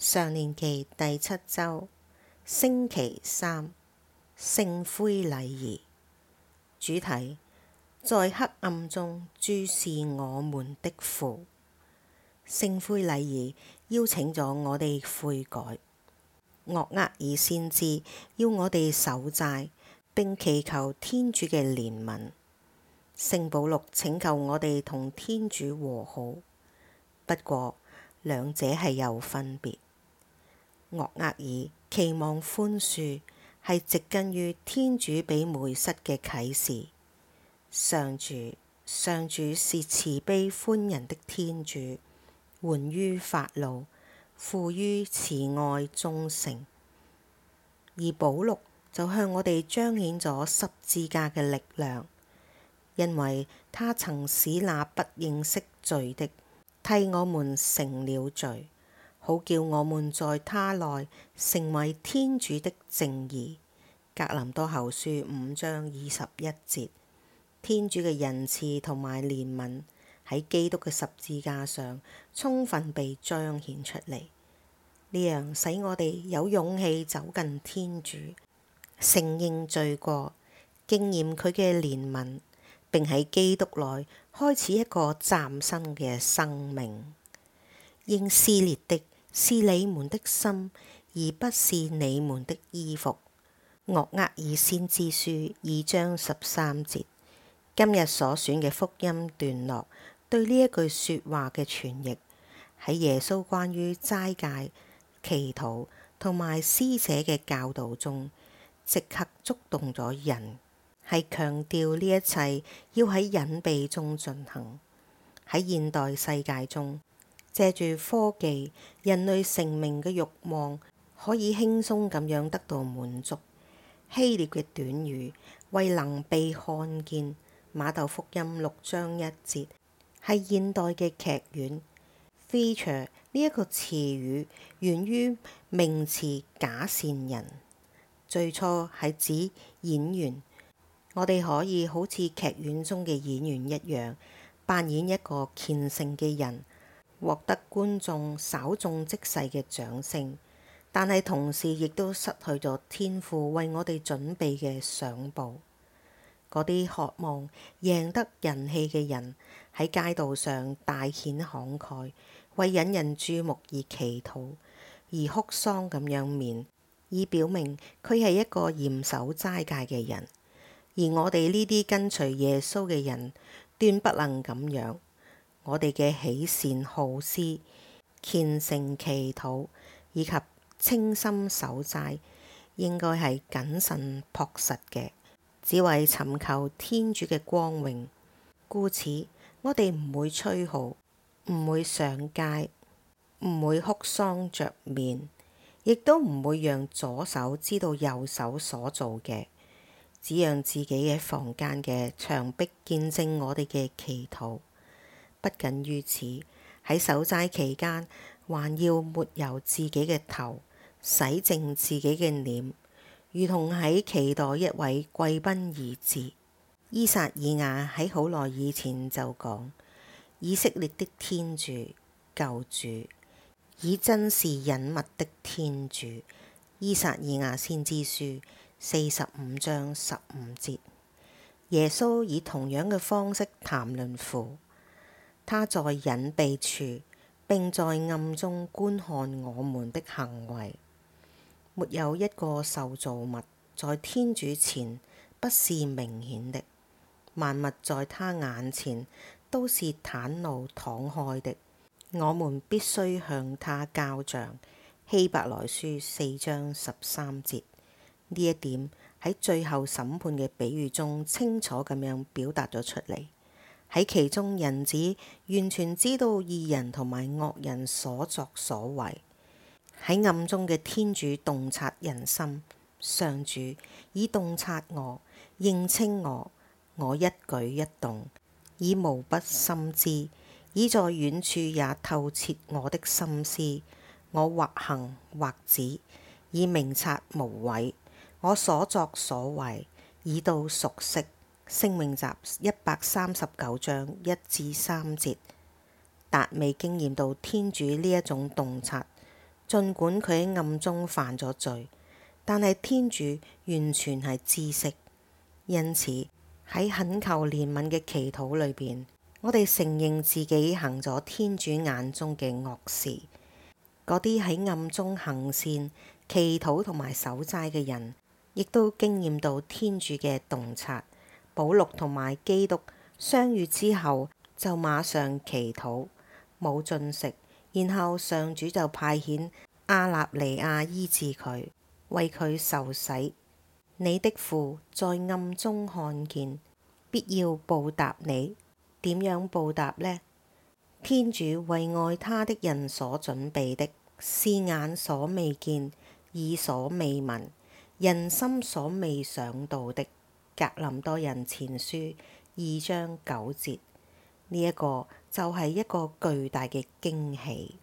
上年期第七周，星期三，聖灰禮儀主題在黑暗中注視我們的父。聖灰禮儀邀請咗我哋悔改，岳厄爾先知要我哋守齋，並祈求天主嘅憐憫。聖保祿請求我哋同天主和好，不過兩者係有分別。岳厄爾期望寬恕，係植根於天主畀梅瑟嘅啟示。上主，上主是慈悲寬仁的天主，緩於發怒，富於慈愛忠誠。而保祿就向我哋彰顯咗十字架嘅力量，因為他曾使那不認識罪的，替我們成了罪，好叫我們在他內成為天主的正義。格林多後書五章二十一節，天主嘅仁慈同埋憐憫喺基督嘅十字架上充分被彰顯出嚟，呢樣使我哋有勇氣走近天主，承認罪過，經驗佢嘅憐憫，並喺基督內開始一個嶄新嘅生命，應撕裂的。是你們的心，而不是你們的衣服。《岳厄爾先知書》二章十三節，今日所選嘅福音段落，對呢一句說話嘅詮釋，喺耶穌關於齋戒、祈禱同埋施捨嘅教導中，即刻觸動咗人，係強調呢一切要喺隱秘中進行，喺現代世界中。借住科技，人類成名嘅慾望可以輕鬆咁樣得到滿足。希臘嘅短語，為能被看見，《瑪竇福音》六章一節係現代嘅劇院 theatre 呢一個詞語，源於名詞假善人，最初係指演員。我哋可以好似劇院中嘅演員一樣，扮演一個虔誠嘅人。獲得觀眾稍縱即逝嘅掌聲，但係同時亦都失去咗天父為我哋準備嘅賞報。嗰啲渴望贏得人氣嘅人喺街道上大顯慷慨，為引人注目而祈禱，而哭喪咁樣面，以表明佢係一個嚴守齋戒嘅人。而我哋呢啲跟隨耶穌嘅人，斷不能咁樣。我哋嘅樂善好施、虔誠祈禱以及清心守齋應該係謹慎樸實嘅，只為尋求天主嘅光榮。故此，我哋唔會吹號，唔會上街，唔會哭喪着面，亦都唔會讓左手知道右手所做嘅，只讓自己嘅房間嘅牆壁見證我哋嘅祈禱。不僅如此，喺守齋期間，還要抹油自己嘅頭，洗淨自己嘅臉，如同喺期待一位貴賓而至。依撒意亞喺好耐以前就講：以色列的天主救主，禰真是隱密的天主。依撒意亞先知書四十五章十五節。耶穌以同樣嘅方式談論父。他在隱秘處，並在暗中觀看我們的行為。沒有一個受造物在天主前不是明顯的。萬物在他眼前都是袒露敞開的。我們必須向他交帳。希伯來書四章十三節，呢一點喺最後審判嘅比喻中清楚咁樣表達咗出嚟。喺其中，人子完全知道義人同埋惡人所作所為，喺暗中嘅天主洞察人心，上主已洞察我，認清我，我一舉一動已無不深知，已在遠處也透徹我的心思，我或行或止，已明察無遺，我所作所為已都熟悉。《聖詠集》一百三十九章一至三節，達味經驗到天主呢一種洞察。儘管佢喺暗中犯咗罪，但係天主完全係知悉。因此喺懇求憐憫嘅祈禱裏邊，我哋承認自己行咗天主眼中嘅惡事。嗰啲喺暗中行善、祈禱同埋守齋嘅人，亦都經驗到天主嘅洞察。保祿同埋基督相遇之後，就馬上祈禱冇進食，然後上主就派遣阿納尼亞醫治佢，為佢受洗。你的父在暗中看見，必要報答你。點樣報答呢？天主為愛他的人所準備的，是眼所未見，耳所未聞，人心所未想到的。格林多人前書二章九節呢，一個就係一個巨大嘅驚喜。